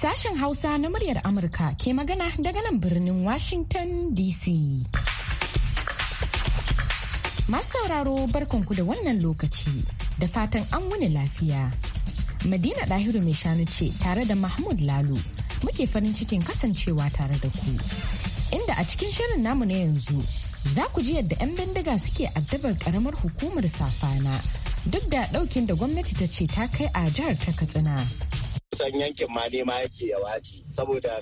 Sashen Hausa na muryar Amurka ke magana daga nan birnin Washington DC. Masu sauraro barkanku da wannan lokaci da fatan an wuni lafiya. Madina Dahiru mai shanu ce tare da Mahmud Lalu muke farin cikin kasancewa tare da ku. Inda a cikin shirin namu na yanzu za ku ji yadda 'yan bindiga suke addabar karamar hukumar safana duk da ɗaukin da gwamnati ta ce ta kai a jihar ta katsina. kusan yankin ma nema yake ya wace saboda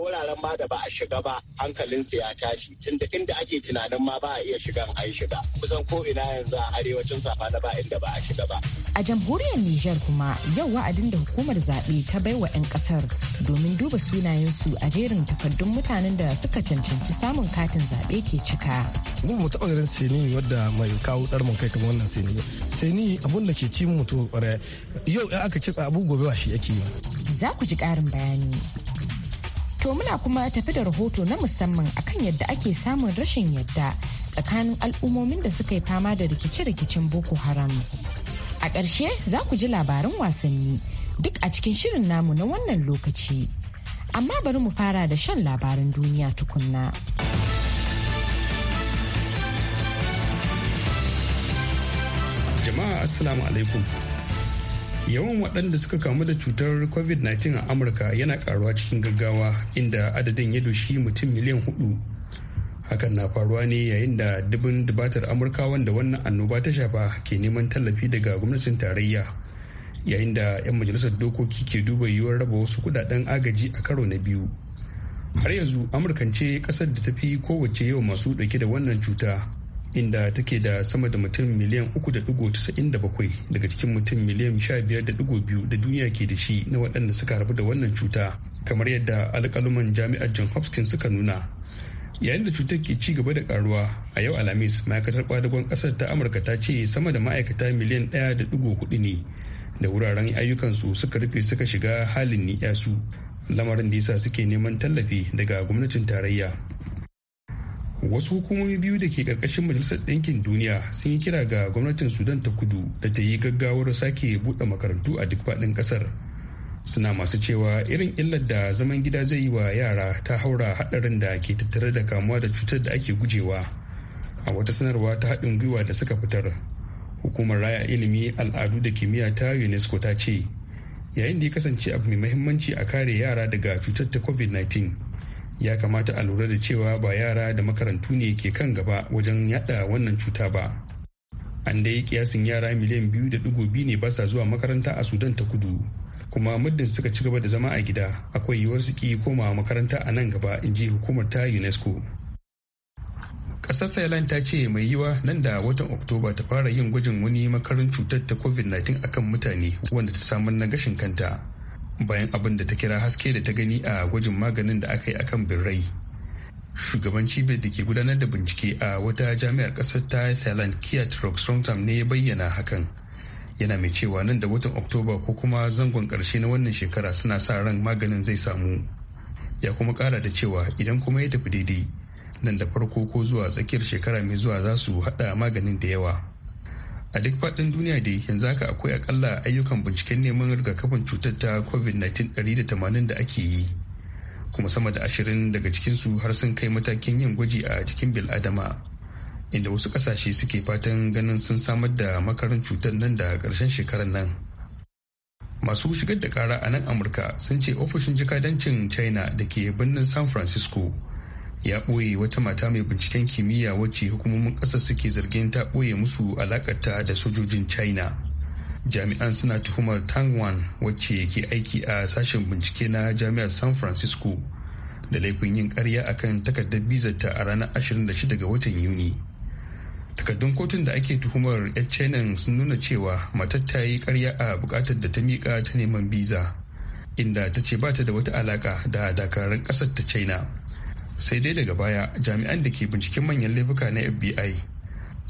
wuraren ma da ba a shiga ba hankalinsu ya tashi tunda inda ake tunanin ma ba a iya shigan an shiga kusan ko ina yanzu a arewacin safana ba inda ba a shiga ba a jamhuriyar niger kuma yau wa'adin da hukumar zaɓe ta baiwa 'yan ƙasar domin duba sunayensu a jerin takardun mutanen da suka cancanci samun katin zaɓe ke cika. mun mu taɓa ganin seni wadda mai kawo ɗar kai kamar wannan seni Seni abun da ke ci mu mutu yau in aka kitsa abu gobe ba shi yake yi. Za ku ji ƙarin bayani. To muna kuma tafi da rahoto na musamman akan yadda ake samun rashin yadda tsakanin al'ummomin da suka yi fama da rikice-rikicen Boko Haram. A ƙarshe za ku ji labarin wasanni duk a cikin shirin namu na wannan lokaci. Amma bari mu fara da shan labarin duniya tukunna. Jama'a Assalamu alaikum. yawan waɗanda suka kamu da cutar covid-19 a amurka yana karuwa cikin gaggawa inda adadin ya doshi mutum miliyan hudu hakan na faruwa ne yayin da dubin dubatar amurka wanda wannan annoba ta shafa ke neman tallafi daga gwamnatin tarayya yayin da 'yan majalisar dokoki ke duba yiwuwar raba wasu kudaden agaji a karo na biyu har yanzu amurkan ce kasar da ta fi kowace yau masu dauke da wannan cuta inda take da sama da mutum miliyan 3.97 daga cikin mutum miliyan 15.2 da duniya ke da shi na waɗanda suka harbu da wannan cuta kamar yadda alƙaluman jami'ar john hopkins suka nuna yayin da cutar ke ci gaba da karuwa a yau alhamis ma'aikatar kwadagon ƙasar ta amurka ta ce sama da ma'aikata miliyan 1.4 ne da wuraren ayyukansu suka rufe suka shiga halin ni'yasu lamarin da yasa suke neman tallafi daga gwamnatin tarayya wasu hukumomi biyu da ke karkashin majalisar ɗinkin duniya sun yi kira ga gwamnatin sudan ta kudu da ta yi gaggawar sake buɗe makarantu a duk faɗin ƙasar suna masu cewa irin illar da zaman gida zai yi wa yara ta haura haɗarin da ke tattare da kamuwa da cutar da ake gujewa a wata sanarwa ta haɗin gwiwa da suka fitar hukumar raya ilimi al'adu da kimiyya ta unesco ta ce yayin da ya kasance abu mai mahimmanci a kare yara daga cutar ta covid-19 ya kamata a lura da cewa ba yara da makarantu ne ke kan gaba wajen yada wannan cuta ba an dai kiyasin yara miliyan biyu da digo biyu ne ba sa zuwa makaranta a sudan ta kudu kuma muddin suka ci gaba da zama a gida akwai yiwuwar su ki komawa makaranta a nan gaba in ji hukumar ta unesco Ƙasar thailand ta ce mai yiwa nan da watan oktoba ta fara yin gwajin wani makarin cutar ta covid-19 akan mutane wanda ta samar na gashin kanta bayan abin da ta kira haske da ta gani a gwajin maganin da aka yi a kan birrai shugaban cibiyar da ke gudanar da bincike a wata jami'ar ƙasar ta thailand kiat roxromtam ne ya bayyana hakan yana mai cewa nan da watan oktoba ko kuma zangon ƙarshe na wannan shekara suna sa ran maganin zai samu ya kuma kara da cewa idan kuma ya tafi daidai nan da farko ko zuwa tsakiyar shekara mai zuwa za su haɗa maganin da yawa a duk faɗin duniya da yanzu haka akwai akalla ayyukan binciken neman rigakafin cutar ta covid-19 180 da ake yi kuma sama da ashirin daga cikinsu har sun kai matakin yin gwaji a jikin biladama inda wasu ƙasashe suke fatan ganin sun samar da makarin cutar nan da ƙarshen shekarar nan masu shigar da kara a nan amurka sun ce ofishin jikadancin china da ke birnin san francisco ya ɓoye wata mata mai binciken kimiyya wacce hukumomin ƙasar suke zargin ta ɓoye musu alakata da sojojin china jami'an suna tuhumar tangwan wacce ke aiki a sashen bincike na jami'ar san francisco da laifin yin karya a kan takardar bizar ta a ranar 26 ga watan yuni takardun kotun da ake tuhumar yan china sun nuna cewa matar ta yi karya a bukatar da ta miƙa ta neman biza inda ta ce ba ta da wata alaka da dakarun ƙasar ta china sai dai daga baya jami'an da ke binciken manyan laifuka na fbi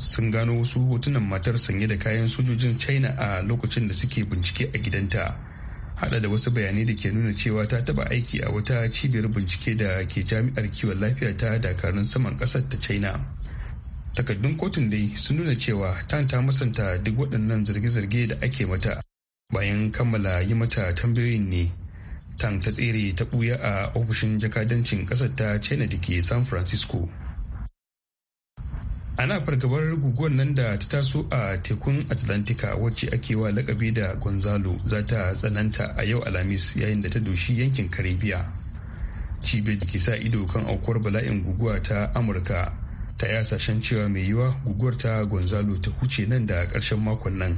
sun gano wasu hotunan matar sanye da kayan sojojin china a lokacin da suke bincike a gidanta hada da wasu bayanai da ke nuna cewa ta taba aiki a wata cibiyar bincike da ke jami'ar kiwon lafiya ta dakarun saman kasar ta china takaddun kotun dai sun nuna cewa tan ta musanta duk waɗannan zarge-zarge da ake mata bayan kammala yi mata tambayoyin ne tang ta tsere ta ɓuya a ofishin jakadancin ƙasar ta china da ke san francisco ana fargabar guguwar nan da ta taso a tekun atlantika wacce ake wa lakabi da gonzalo za ta tsananta a yau alhamis yayin da ta doshi yankin karibiya cibiyar da ke sa ido kan aukuwar bala'in guguwa ta amurka ta yi hasashen cewa mai yiwa guguwar ta gonzalo ta huce nan da ƙarshen makon nan.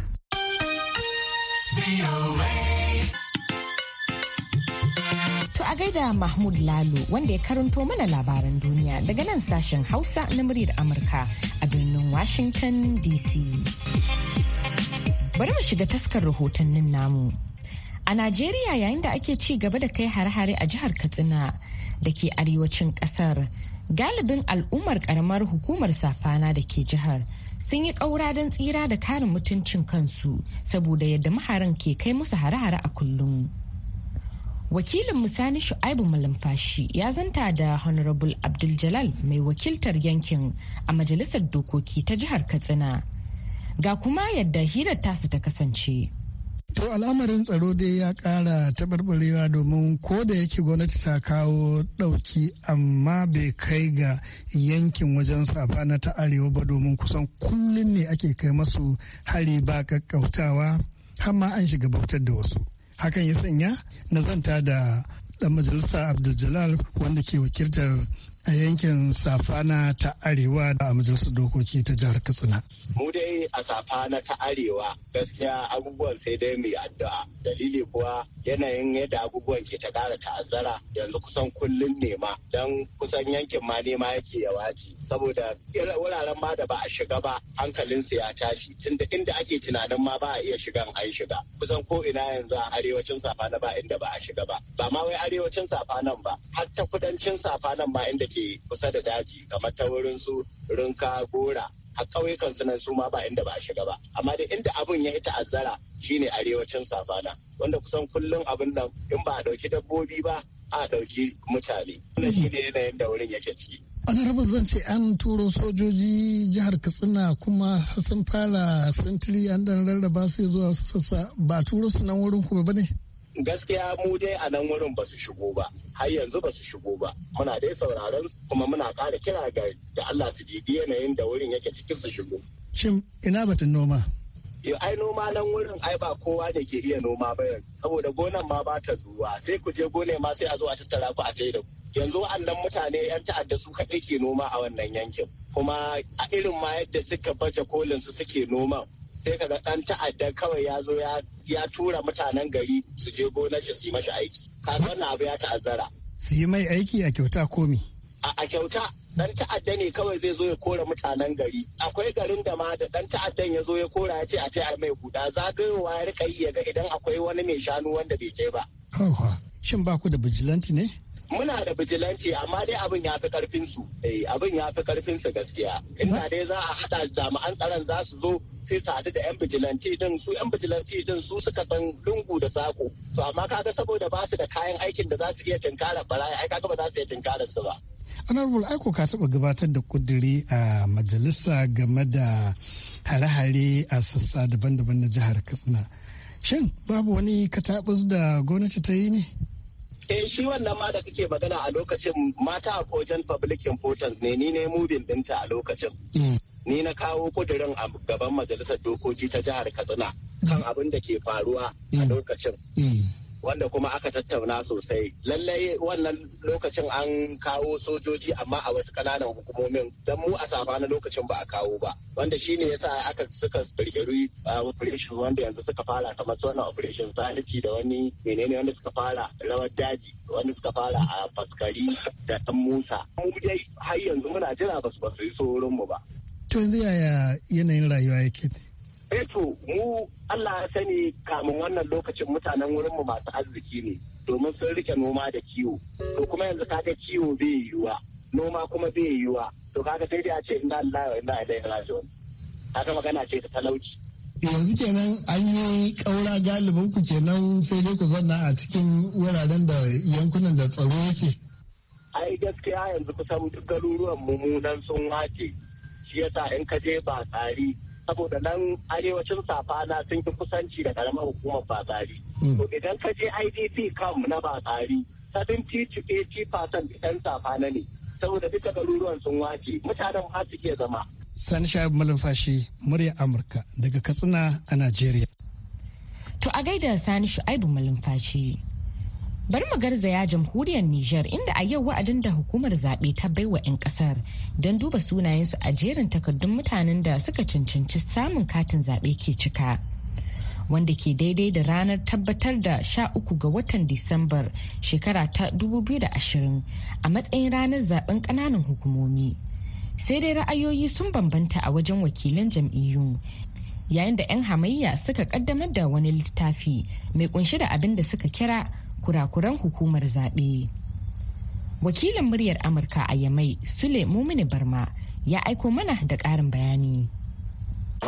A gaida Mahmud Lalo wanda ya karanto mana labaran duniya daga nan sashen Hausa na muryar Amurka a birnin Washington DC. Bari mu shiga taskar rahotannin namu. A Najeriya yayin da ake ci gaba da kai hare-hare a jihar Katsina da ke arewacin kasar, galibin al'ummar karamar hukumar safana da ke jihar sun yi ƙaura don tsira da karin mutuncin kansu saboda yadda maharan ke kai musu hare-hare a kullum. wakilin musani shu'aibu malumfashi ya zanta da honorable abdul jalal mai wakiltar yankin a majalisar dokoki ta jihar katsina ga kuma yadda hirar tasu ta kasance To al'amarin tsaro dai ya kara taɓarɓarewa domin ko da yake gwamnati ta kawo ɗauki amma bai kai ga yankin wajen na ta arewa ba domin kusan kullum ne ake kai masu hari ba ƙaƙƙautawa har ma an shiga bautar da wasu. hakan ya sanya na zanta da dan majalisa abdul wanda ke wakiltar a yankin safana ta arewa a majalisar dokoki ta jihar katsina mu dai a safana ta arewa gaskiya abubuwan sai dai mai addu'a dalili kuwa yanayin yadda abubuwan ke ta kara ta'azzara yanzu kusan kullum ne ma don kusan yankin ma nema yake yawaci. saboda wuraren ma da ba a shiga ba hankalin su ya tashi tunda inda ake tunanin ma ba a iya shigan yi shiga kusan ko ina yanzu a arewacin safana ba inda ba a shiga ba ba ma wai arewacin safanan ba har ta kudancin safanan ma inda suke kusa da daji kamar ta wurin su rinka gora a ƙauyukan su nan su ma ba inda ba a shiga ba amma da inda abun ya yi ta'azzara shine arewacin safana wanda kusan kullum abin nan in ba a ɗauki dabbobi ba a ɗauki mutane wannan mm. shine yanayin da wurin yake ciki rabin zan ce an turo sojoji jihar katsina kuma sun fara sintiri an dan rarraba su zuwa su sassa ba turo su nan wurin ku ba ne gaskiya mu dai a nan wurin ba su shigo ba har yanzu ba su shigo ba muna dai sauraron kuma muna ƙara kira ga da Allah su dibi yanayin da wurin yake cikin su shigo shin ina batun noma yo ai noma nan wurin ai ba kowa da ke iya noma ba saboda gonan ma ba ta zuwa sai ku je gone ma sai a zo a tattara ku a kai da ku yanzu waɗannan mutane yan ta'adda su kaɗai ke noma a wannan yankin kuma a irin ma yadda suka baje kolin su suke noma sai ka ga dan ta'adda kawai ya zo ya tura mutanen gari su je gona shi su yi mashi aiki kaga wannan abu ya ta'azzara su yi mai aiki a kyauta komi a kyauta dan ta'adda ne kawai zai zo ya kora mutanen gari akwai garin da ma da ɗan ta'addan ya zo ya kora ya ce a tai mai guda zagayowa ya rika yi ga idan akwai wani mai shanu wanda bai kai ba shin ba ku da bijilanti ne da bijilanci amma dai abin ya fi karfin su eh, abin ya fi karfin su gaskiya inda dai za a hada jami'an tsaron za su zo sai su hadu da yan bijilanti din su yan bijilanti din su suka san lungu da sako to amma kaga saboda ba su da kayan aikin da za su iya tinkara barayi ai kaga ba za su iya tinkara su ba honorable aiko ka taba gabatar da kudiri a majalisa game da hare-hare a sassa daban-daban na jihar katsina shin babu wani katabus da gwamnati ta yi ne eh shi wannan ma da kake magana a lokacin mata a kojan public importance ne ni ne mubin dinta a lokacin hmm. ni na kawo kudirin a gaban majalisar dokoki ta jihar katsina kan hmm. abin da ke faruwa a hmm. lokacin wanda kuma aka tattauna sosai lallai wannan lokacin an kawo sojoji amma a wasu kananan hukumomin don mu a safa na lokacin ba a kawo ba wanda shine yasa aka suka kirkiri uh, operation wanda yanzu suka fara kamar tsohon wannan operation sanity da wani menene wanda suka fara rawar daji wanda suka fara a faskari da dan musa mu dai har yanzu muna jira ba su yi saurin ba to yanzu yaya yanayin rayuwa yake ne eto eh, mu Allah ya sani kamun wannan lokacin mutanen wurinmu masu arziki ne domin sun rike noma da kiwo to kuma yanzu kaga kiwo bai yiwuwa noma kuma bai yiwuwa to kaga sai dai a ce inna Allah wa inna ilaihi raji'un kaga magana ce ta talauci yanzu kenan an yi ƙaura galibin ku kenan sai dai ku zanna a cikin wuraren da yankunan da tsaro yake ai gaskiya yanzu kusan duk garuruwan mummunan sun wace shi yasa in ka je ba tsari saboda nan arewacin safana sun fi kusanci da karamar hukumar bazari hmm. to idan ka je idp kam na basari 70 to 80 ɗan safana ne saboda duka garuruwan sun wace mutanen ma su iya zama sani shahab malumfashi murya amurka daga katsina a najeriya to a gaida sani shu'aibu malumfashi Bari mu garzaya jamhuriyar Nijar inda a yau wa'adin da hukumar zaɓe ta baiwa 'yan ƙasar don duba sunayensu a jerin takardun mutanen da suka cancanci samun katin zaɓe ke cika. Wanda ke daidai da ranar tabbatar da sha uku ga watan Disambar shekara ta 2020 a matsayin ranar zaben ƙananan hukumomi. Sai dai ra'ayoyi sun bambanta a wajen wakilan jam'iyyun yayin da 'yan hamayya suka kaddamar da wani littafi mai kunshi da abin da suka kira kurakuran hukumar zaɓe. Wakilin muryar Amurka a Yamai, Sule Mumini Barma, ya aiko mana da ƙarin bayani.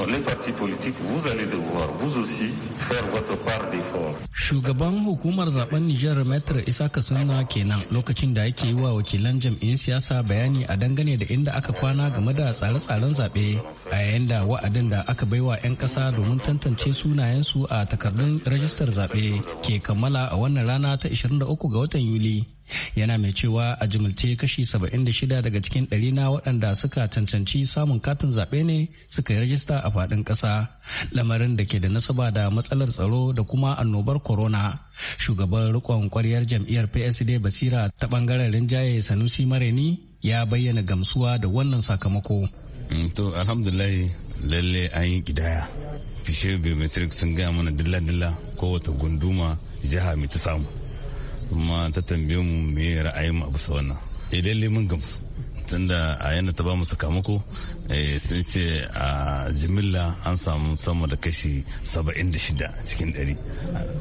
Les partis politiques, vous allez devoir vous aussi faire votre part d'effort. Shugaban hukumar zaben Nijar Maître Isaka Sunna kenan lokacin da yake yi wa wakilan jam'in siyasa bayani a dangane da inda aka kwana game da tsare-tsaren zaɓe a yayin da wa'adin da aka baiwa 'yan ƙasa domin tantance sunayen su a takardun rajistar zaɓe ke kammala a wannan rana ta 23 ga watan Yuli. yana mai cewa a jimilce kashi 76 daga cikin ɗari na waɗanda suka cancanci samun katin zaɓe ne suka yi rajista a faɗin ƙasa lamarin da ke da nasaba da matsalar tsaro da kuma annobar corona shugaban rikon kwaryar jam'iyyar psd basira ta ɓangaren rinjaye sanusi mareni ya bayyana gamsuwa da wannan sakamako mm, to alhamdulillah lalle an yi fishe biometric sun gaya mana dilla-dilla kowace gunduma jiha mai ta samu kuma ta tambaye mu me ra'ayin mu a bisa wannan idan eh, limin mun gamsu tunda a yana ta ba mu sakamako eh, sun ce a jimilla an samu sama da kashi 76 cikin 100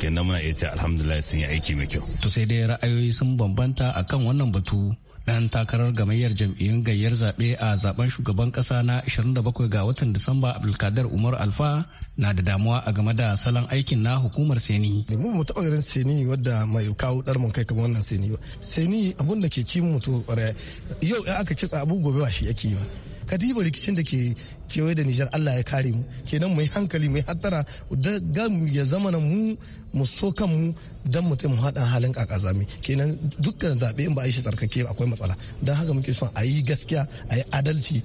kenan muna iya ce alhamdulillah sun yi aiki mai kyau to sai dai ra'ayoyi sun bambanta akan wannan batu dan takarar gamayyar jam'iyyun gayyar zaɓe a zaben shugaban ƙasa na 27 ga watan Disamba Abdulkadir Umar Alfa na da damuwa a game da salon aikin na hukumar Seni. Mu mu mutu ganin Seni wadda mai kawo ɗar mun kai kamar wannan Seni ba. Seni abun da ke ci mu yau in aka kitsa abu gobe ba shi yake ba. Kadiba rikicin da ke kewaye da Nijar Allah ya kare mu kenan mu yi hankali mu yi hattara ga ya zama na mu mu so kan mu dan mutum mu haɗa halin kakazami kenan dukkan zaɓe in ba a yi shi tsarkake akwai matsala don haka muke son a yi gaskiya a yi adalci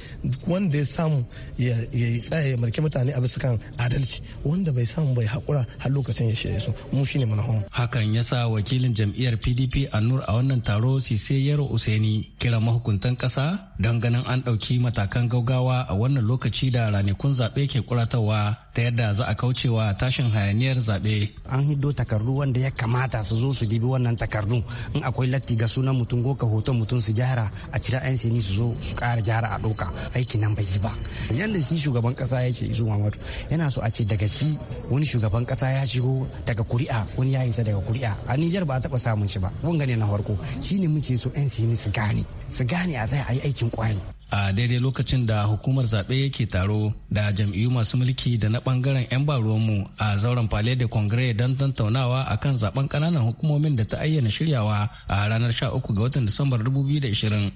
wanda ya samu ya tsaya ya marke mutane a bisa kan adalci wanda bai samu bai haƙura har lokacin ya shirya su mu shine manahon hakan ya sa wakilin jam'iyyar pdp a nur a wannan taro sise yaro useni kira mahukuntan ƙasa don ganin an ɗauki matakan gaugawa a wannan lokacin lokaci da ranakun zaɓe ke kuratawa ta yadda za a kaucewa tashin hayaniyar zaɓe. An hiddo takardu wanda ya kamata su zo su dibi wannan takardu in akwai latti ga sunan mutum ko ka hoton mutum su gyara a cira 'yan sini su zo su ƙara gyara a ɗauka aiki nan bai yi ba. Yanda shi shugaban ƙasa ya ce Isu wato yana so a ce daga shi wani shugaban ƙasa ya shigo daga kuri'a wani ya ta daga kuri'a a Nijar ba a taɓa samun shi ba wanga ne na farko shi ne muke so 'yan sini su gane su gane a zai a yi aikin kwari. a daidai lokacin da hukumar zaɓe yake taro da jam'iyyu masu mulki da na ɓangaren 'yan baruwanmu a zauren palais de congrès don tattaunawa a kan zaɓen ƙananan hukumomin da ta ayyana shiryawa a ranar 13 ga watan disambar 2020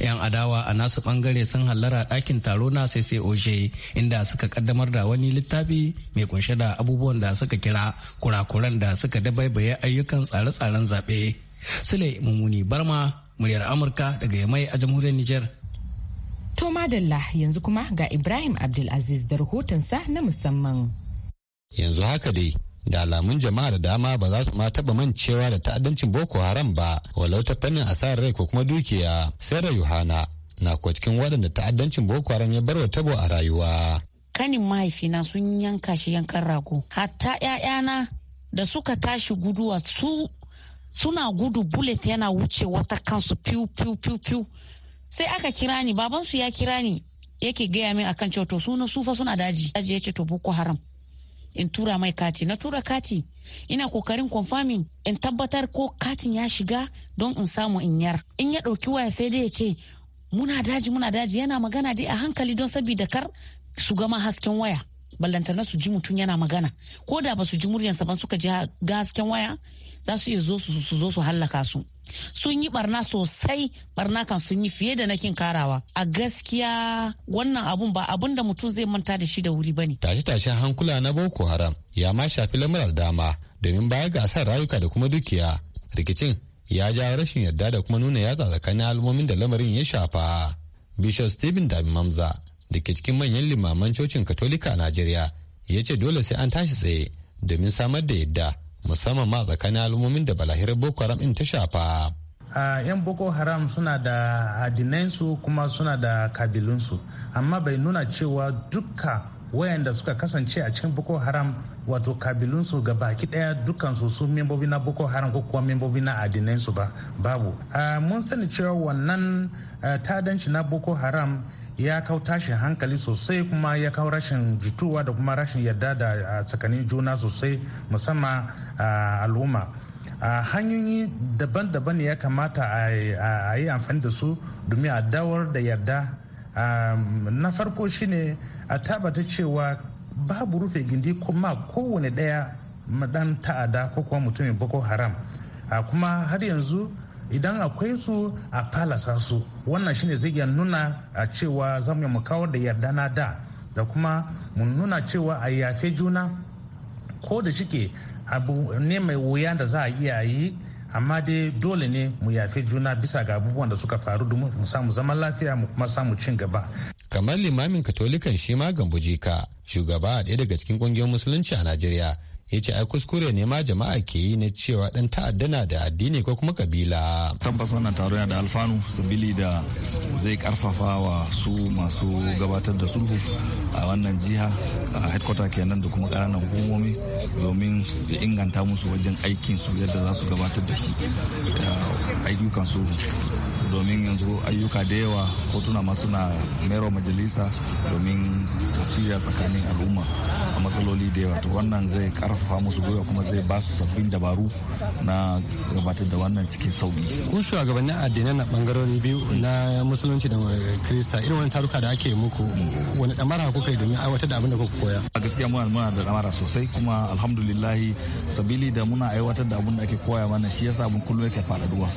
'yan adawa a nasu ɓangare sun hallara ɗakin taro na ccoj inda suka kaddamar da wani littafi mai kunshe da abubuwan da suka kira kurakuran da suka dabaibaye ayyukan tsare-tsaren zaɓe sule mummuni barma muryar amurka daga yamai a jamhuriyar niger To madalla yanzu kuma ga Ibrahim Abdulaziz da rahotonsa na musamman. Yanzu haka dai da alamun jama'a da dama ba za su ma taba mancewa da ta'addancin Boko Haram ba walau ta fannin asarar rai ko kuma dukiya sai da Yohana na kuwa cikin waɗanda ta'addancin Boko Haram ya barwa tabo a rayuwa. Kanin mahaifina sun yanka shi yankan rago hatta 'ya'yana da suka tashi guduwa su suna gudu bullet yana wucewa ta kansu piu piu piu piu sai aka kira ni babansu ya kira ni yake gaya min akan cewa to suna sufa suna daji daji yace to boko haram in tura mai kati na tura kati ina kokarin confirming in tabbatar ko katin ya shiga don in samu in yar in ya ɗauki waya sai dai ya ce muna daji muna daji yana magana dai a hankali don sabida kar su gama hasken waya ballantana su ji mutum yana magana ko da ba su ji muryansa ba suka ji ga hasken waya za su iya zo su zo su hallaka su sun yi barna sosai barna kan sun yi fiye da na kin karawa a gaskiya wannan abun ba abun da mutum zai manta da shi da wuri ba ne. tashe-tashen hankula na boko haram ya ma shafi lamurar dama domin baya gasar rayuka da kuma dukiya rikicin ya ja rashin yarda da kuma nuna yatsa tsakanin al'ummomin da lamarin ya shafa bishop stephen dami mamza da ke cikin manyan limaman cocin katolika a najeriya ya ce dole sai an tashi tsaye domin samar da yadda musamman ma tsakanin al'ummomin da balahirar boko haram in ta shafa a 'yan boko haram suna da adinansu kuma suna da kabilunsu amma bai nuna cewa dukka wayanda suka kasance a cikin boko haram wato kabilunsu ga baki daya dukkan su membobi na boko haram ko kuma membobi na adinansu ba babu mun sani cewa wannan eh, tadanci na boko haram ya kawo tashin hankali sosai kuma ya kawo rashin jituwa da kuma rashin yarda da tsakanin juna sosai musamman al'umma hanyoyi daban-daban ya kamata a yi amfani da su domin a dawar da yarda na farko shine a tabbata cewa babu rufe gindi kuma kowane ɗaya madan ta'ada ko kuma mutumin boko haram kuma har yanzu idan akwai su a falasa su wannan shine zai iya nuna a cewa za mu kawo da yarda na da da kuma mu nuna cewa a yafe juna ko da shike abu ne mai wuya da za a iya yi amma dai dole ne mu yafe juna bisa ga abubuwan da suka faru domin mu samu zaman lafiya mu kuma samu cin gaba kamar limamin katolikan shi ma gambo jika shugaba a ɗaya daga cikin ƙungiyar musulunci a najeriya ya ce ai kuskure ne ma jama'a ke yi na cewa dan ta'adda na da addini ko kuma kabila tabbas wannan taro yana da alfanu sabili da zai karfafa wa su masu gabatar da sulhu a wannan jiha a headquarter kenan da kuma karanan hukumomi domin ya inganta musu wajen aikin su yadda za su gabatar da shi da ayyukan su domin yanzu ayyuka da yawa kotuna masu na mero majalisa domin tasiriya tsakanin al'umma a matsaloli da yawa to wannan zai karfafa karfafa musu gwiwa kuma zai ba su sabbin dabaru na gabatar da wannan cikin sauki. Kun shugabannin addinai na bangarori biyu na musulunci da kirista irin wani taruka da ake muku wani damara kuka yi domin aiwatar da abin da kuka koya. A gaskiya muna muna da damara sosai kuma alhamdulillahi sabili da muna aiwatar da abin da ake koya mana shi yasa mun kullum yake faɗaɗuwa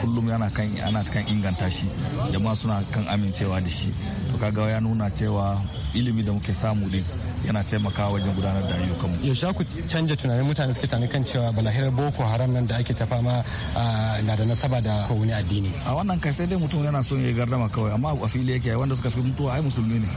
kullum yana kan ana kan inganta shi jama'a suna kan amincewa da shi to kaga ya nuna cewa ilimi da muke samu din yana taimakawa wajen gudanar da ayyukanmu. Yaushe ku canja tunanin mutane suke tunanin kan cewa balahirar Boko Haram nan da ake tafama na da nasaba da wani addini. A wannan kai sai dai mutum yana son ya gardama kawai amma a fili yake wanda suka fi mutuwa ai musulmi ne.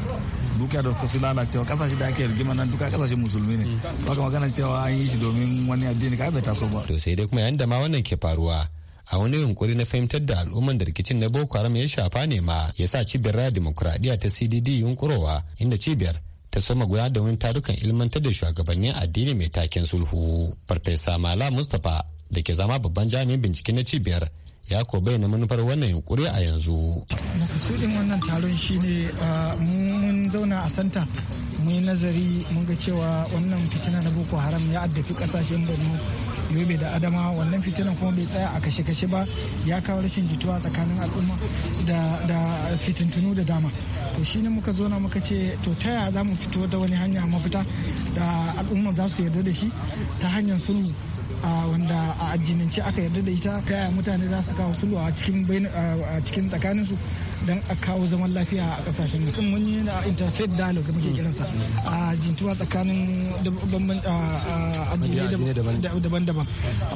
Duka da kasu lalacewa kasashe da ake rigima nan duka kasashe musulmi ne. Baka magana cewa an yi shi domin wani addini kai bai taso ba. To sai dai kuma yan da ma wannan ke faruwa a wani yunkuri na fahimtar da al'umman da rikicin na boko haram ya shafa ne ma ya sa cibiyar dimokuraɗiyya ta cdd yunkurowa inda cibiyar ta sama guda da wani tarukan ilmantar da shugabannin addini mai taken sulhu farfesa mala mustapha da ke zama babban jami'in bincike na cibiyar ya ko bayyana manufar wannan yunkuri a yanzu. makasudin wannan taron shine mun zauna a santa mun yi nazari mun ga cewa wannan fitina na boko haram ya addafi kasashen borno yobe da adama wannan fitina kuma bai tsaya a kashe-kashe ba ya kawo rashin jituwa tsakanin al'umma da, da fitintunu da dama to shi ne muka zauna muka ce to ta yaya za mu fito da wani hanya mafita da al'umma za su yarda da shi ta hanyar sulhu wanda a addinance aka yarda da ita ta yaya mutane za su kawo sulhu a cikin a cikin tsakanin su don a kawo zaman lafiya a kasashen nan din mun yi na interfaith dialogue da muke kiransa a jintuwa tsakanin addinai daban-daban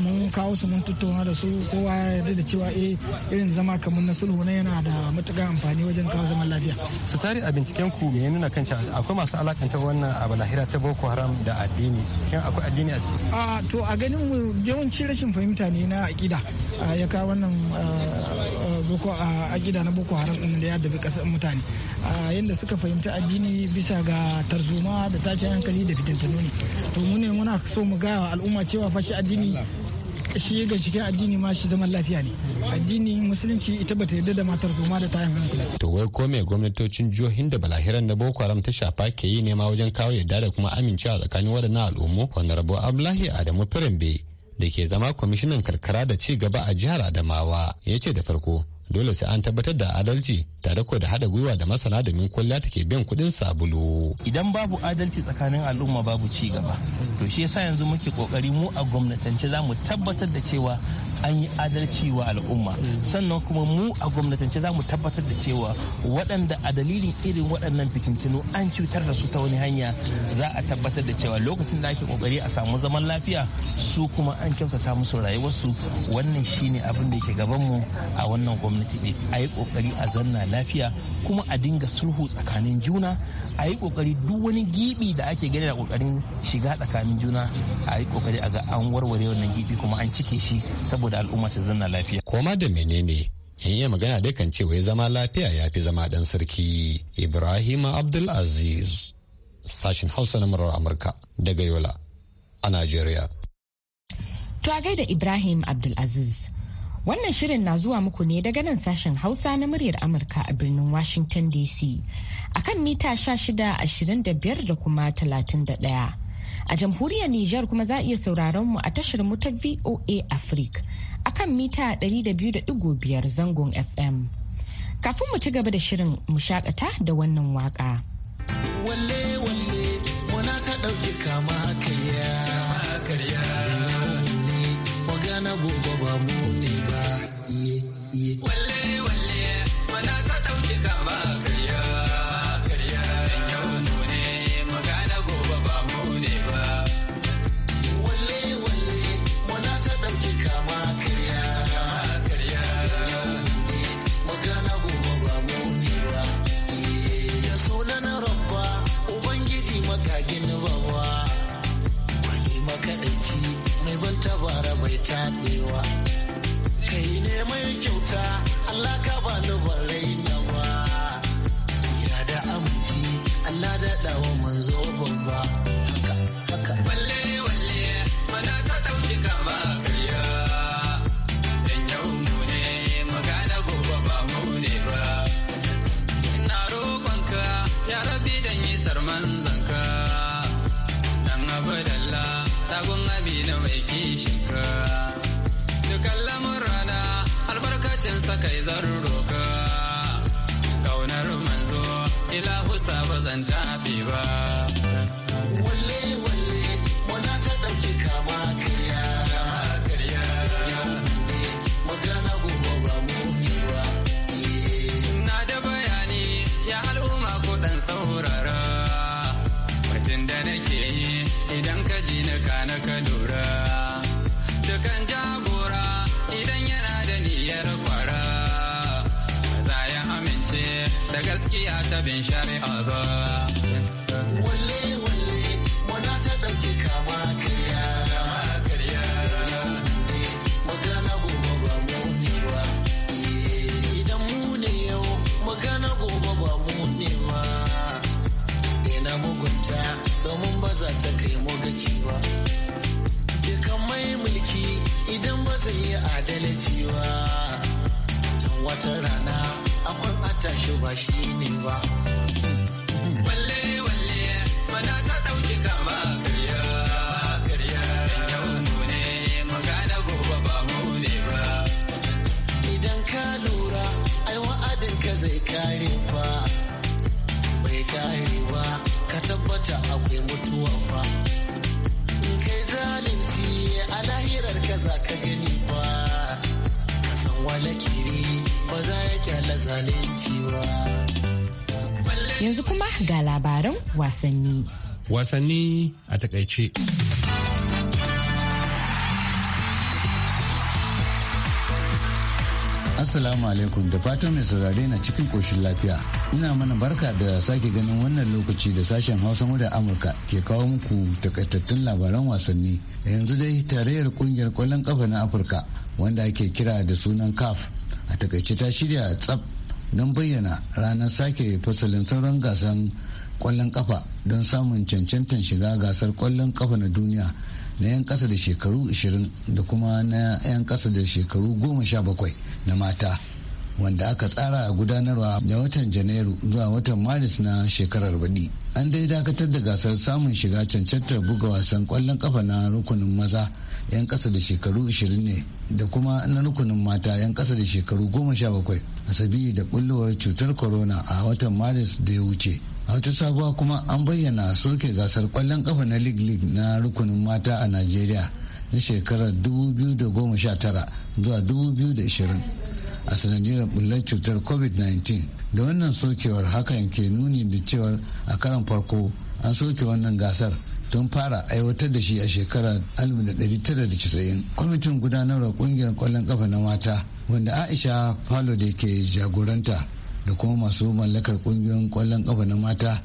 mun kawo su mun tattauna da su kowa ya yarda da cewa eh irin zama kamar na sulhu ne yana da matukar amfani wajen kawo zaman lafiya su tare a binciken ku me ya nuna kan akwai masu alakanta wannan abu lahira ta boko haram da addini shin akwai addini a ciki a to a ganin mu yawanci rashin fahimta ne na aƙida ya kawo wannan boko aƙida na boko haram da ya dabi kasar mutane yadda suka fahimci addini bisa ga tarzoma da tashin hankali da fitintanu ne to mu ne muna so mu gaya al'umma cewa fashi addini shi ga cikin addini ma shi zaman lafiya ne addini musulunci ita bata yarda da matar zoma da tayin hankali to wai ko mai gwamnatocin jihohin da balahiran na boko haram ta shafa ke yi nema wajen kawo yadda da kuma amincewa tsakanin waɗannan al'ummu rabo ablahi adamu firimbe da ke zama kwamishinan karkara da ci gaba a jihar adamawa ya ce da farko dole sai an tabbatar da adalci tare ko da hada gwiwa da masana domin kwalliya ke biyan kuɗin sabulu. Idan babu adalci tsakanin al'umma babu ci gaba. To shi yasa yanzu muke kokari mu a gwamnatance za mu tabbatar da cewa an yi adalci wa al'umma sannan kuma mu a gwamnatance za mu tabbatar da cewa waɗanda a dalilin irin waɗannan fitintinu an cutar da su ta wani hanya za a tabbatar da cewa lokacin da ake kokari a samu zaman lafiya su kuma an kyautata musu rayuwarsu wannan shine abin da yake mu a wannan gwamnati ne a yi kokari a zanna lafiya kuma a dinga sulhu tsakanin juna a yi kokari duk wani gibi da ake gani da kokarin shiga tsakanin juna a yi kokari a ga an warware wannan gibi kuma an cike shi saboda al'umma ta zanna lafiya koma da menene in iya magana da kan cewa ya zama lafiya ya fi zama dan sarki ibrahim abdul aziz sashin hausa na murar amurka daga yola a najeriya to a gaida ibrahim abdul aziz Wannan shirin na zuwa muku ne daga nan sashen Hausa na muryar Amurka a birnin Washington DC a kan mita 1625 da kuma 31. A jamhuriyar Nijar kuma za a iya sauraron mu a tashar mu ta VOA Africa a kan mita 200.5 zangon FM. Kafin mu ci gaba da shirin mu shakata da wannan waka. makagin bawa wani makaɗaici mai ban tabara mai taɓewa kai ne mai kyauta Allah ka ba ni na rainawa ya da aminci Allah da dawo manzo babba kai zan roka kaunar manzo ila husa ba zan tafi ba walle walle wana ta dauke kama kariya kariya magana gobe ba mu ba na da bayani ya al'umma kuɗin saurara mutum da nake yi idan ka ji na lura dukan jagora idan yana da niyyar kwara za ya amince da gaskiya ta bin shari'a ba walle walle wana ta dauke kama kariya magana gobe ba mu ne ba idan mu ne yau magana gobe ba mu ne ba ina mugunta domin ba za ta kai mugaci ba dukan mai mulki idan zai yi adalci ba tun wata rana akwai atashi shi ba ne ba ka lura wa'adin zai kare karewa ka tabbata akwai mutuwa fa kai zalunci a lahirar ka za ka gani ba ka san wala kiri ba za ya kyala zalunci ba yanzu kuma ga labaran wasanni wasanni a takaice Assalamu alaikum da fatan mai saurare na cikin koshin lafiya. Ina mana barka da sake ganin wannan lokaci da sashen Hausa da Amurka ke kawo muku takaitattun labaran wasanni. Yanzu dai tarayyar kungiyar kwallon kafa na Afirka wanda ake kira da sunan CAF a takaice ta shirya tsab don bayyana ranar sake fasalin sauran gasan kwallon kafa don samun cancantan shiga gasar kwallon kafa na duniya na 'yan kasa da shekaru 20 da kuma na 'yan kasa da shekaru 17 na mata wanda aka tsara a gudanarwa da watan janairu zuwa watan maris na shekarar baɗi an dai dakatar da gasar samun shiga cancantar buga wasan kwallon kafa na rukunin maza 'yan kasa da shekaru 20 ne da kuma na rukunin mata 'yan ƙasa da shekaru 17 a sabi da bullowar cutar corona a watan maris da ya wuce a wata sabuwa kuma an bayyana soke gasar kwallon kafa na league league na rukunin mata a nigeria na shekarar 2019 zuwa 2020 a sanadiyar bullar cutar covid-19 da wannan sokewar haka ke nuni da cewar a karan farko an soke wannan gasar tun fara aiwatar da shi a shekarar 1990 kwamitin gudanarwa kungiyar kwallon kafa na mata wanda aisha falo da ke jagoranta da kuma masu mallakar kungiyoyin kwallon kafa na mata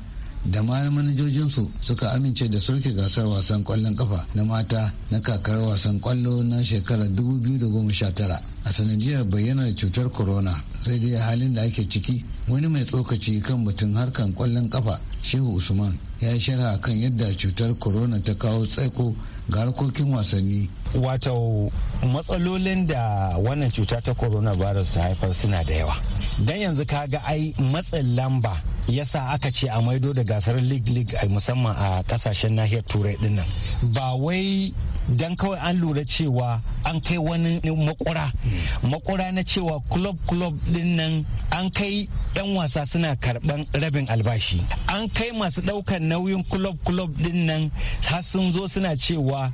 da ma manajojinsu suka amince da soke gasar wasan kwallon kafa na mata na kakar wasan kwallo na shekarar 2019 a sanadiyar bayyanar cutar corona sai dai halin da ake ciki wani mai tsokaci kan batun harkan kwallon kafa shehu usman ya shara kan yadda cutar corona ta kawo tsaiko ga harkokin wasanni wato matsalolin da wannan cuta ta coronavirus ta haifar suna da yawa don yanzu ka ga ai matsin lamba yasa aka ce a maido da gasar league league musamman a kasashen nahiyar turai dinnan ba wai dan kawai an lura cewa an kai wani makura makura na cewa club club din nan an kai yan wasa suna karban rabin albashi an kai masu daukan nauyin club club din nan har sun zo suna cewa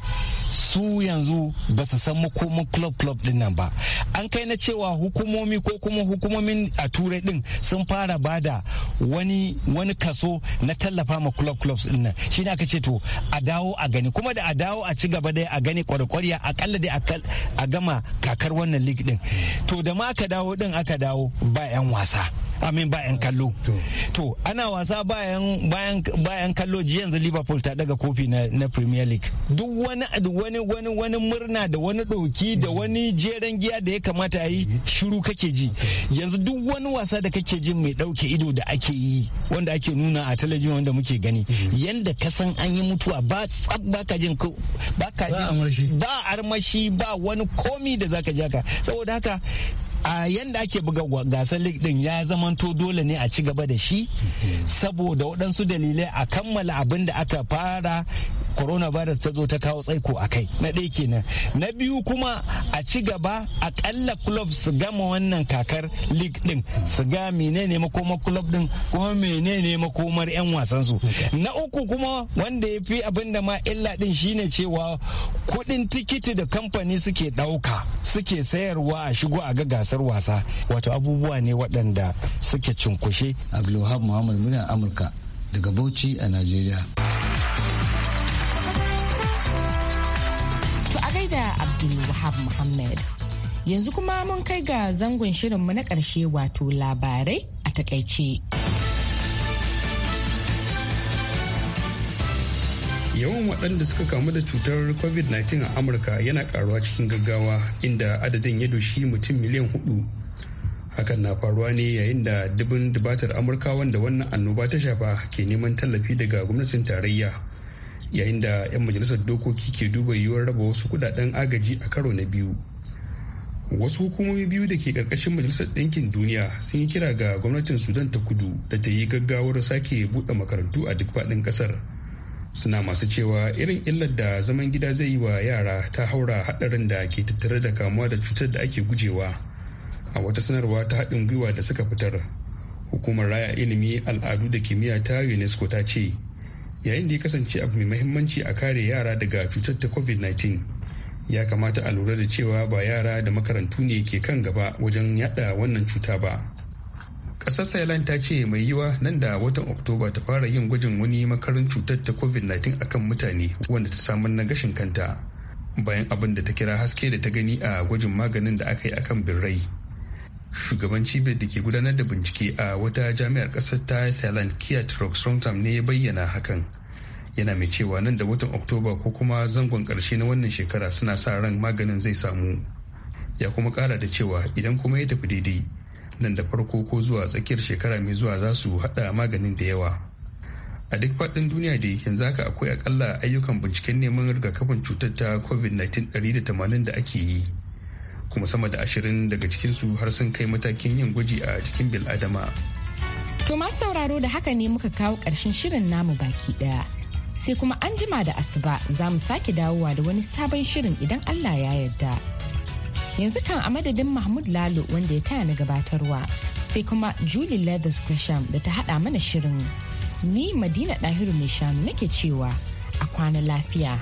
su yanzu ba su san makomin club club din nan ba an kai na cewa hukumomi ko kuma hukumomin a turai din sun fara bada wani wani kaso na tallafa ma club clubs din nan shi aka ce to a dawo a gani kuma da a dawo a ci gaba dai a gani kwarkwariya akalla dai a gama kakar wannan league din to da ma aka dawo din aka dawo ba 'yan wasa amin bayan kallo to ana wasa bayan bayan bayan kallo yanzu liverpool ta daga kofi na, na premier league duk wani wani wani wani murna da wani doki da wani jeren giya da ya kamata yi shiru kake ji yanzu duk wani wasa da kake ji mai dauke ido da ake yi wanda ake nuna a talabijin wanda muke gani yanda ka san an yi mutuwa ba tsab ba ka jin ba ka ba armashi ba wani komi da zaka ji haka saboda haka a yadda ake buga gasar league din ya zamanto dole ne a ci gaba da shi saboda waɗansu dalilai a kammala abin da aka fara coronavirus ta zo ta kawo tsaiko a kai na ɗaya kenan na biyu kuma a ci gaba ƙalla club su gama wannan kakar league din su ga menene makomar club din kuma menene makomar 'yan wasan su na uku kuma wanda ya fi abin da ma illa din shine cewa kuɗin tikiti da kamfani suke ɗauka suke sayarwa a shigo a ga gasar wasa wato abubuwa ne waɗanda suke cunkushe abdulwahab muhammad muna amurka daga bauchi a najeriya to a gaida abdulwahab muhammad yanzu kuma mun kai ga zangon shirinmu na ƙarshe wato labarai a takaice. yawan waɗanda suka kamu da cutar covid-19 a amurka yana karuwa cikin gaggawa inda adadin ya doshi mutum miliyan hudu hakan na faruwa ne yayin da dubin dubatar amurka wanda wannan annoba ta shafa ke neman tallafi daga gwamnatin tarayya yayin da 'yan majalisar dokoki ke duba yiwuwar raba wasu kudaden agaji a karo na biyu wasu hukumomi biyu da ke karkashin majalisar ɗinkin duniya sun yi kira ga gwamnatin sudan ta kudu da ta yi gaggawar sake buɗe makarantu a duk faɗin ƙasar suna masu cewa irin illar da zaman gida zai yi wa yara ta haura haɗarin da ke tattare da kamuwa da cutar da ake gujewa a wata sanarwa ta haɗin gwiwa da suka fitar hukumar raya ilimi al'adu da kimiyya ta unesco ta ce yayin da ya kasance abu mai mahimmanci a kare yara daga cutar ta covid-19 ya kamata a lura da cewa ba yara da makarantu ne ke kan gaba wajen yada wannan cuta ba kasar thailand ta ce mai yiwa nan da watan oktoba ta fara yin gwajin wani makarin cutar ta covid-19 akan mutane wanda ta samar na gashin kanta bayan abin da ta kira haske da ta gani a gwajin maganin da aka yi akan birrai shugaban cibiyar da ke gudanar da bincike a wata jami'ar kasar ta thailand kiat roxromtam ne ya bayyana hakan yana mai cewa nan da watan oktoba ko kuma zangon karshe na wannan shekara suna sa ran maganin zai samu ya kuma kara da cewa idan kuma ya tafi daidai nan da farko ko zuwa tsakiyar shekara mai zuwa za su hada maganin da yawa a duk faɗin duniya da yanzu haka akwai akalla ayyukan binciken neman rigakafin cutar ta covid-19 180 da ake yi kuma sama da ashirin daga cikinsu har sun kai matakin yin gwaji a jikin bil'adama. to masu sauraro da haka ne muka kawo ƙarshen shirin namu baki ɗaya sai kuma an jima da asuba za mu sake dawowa da wani sabon shirin idan allah ya yarda. Yanzu kan a madadin Mahmud Lalo wanda ya taya na gabatarwa sai kuma Julie Leathers Gresham da ta haɗa mana shirin. Ni Madina Ɗahiru mai shanu nake cewa a kwana lafiya.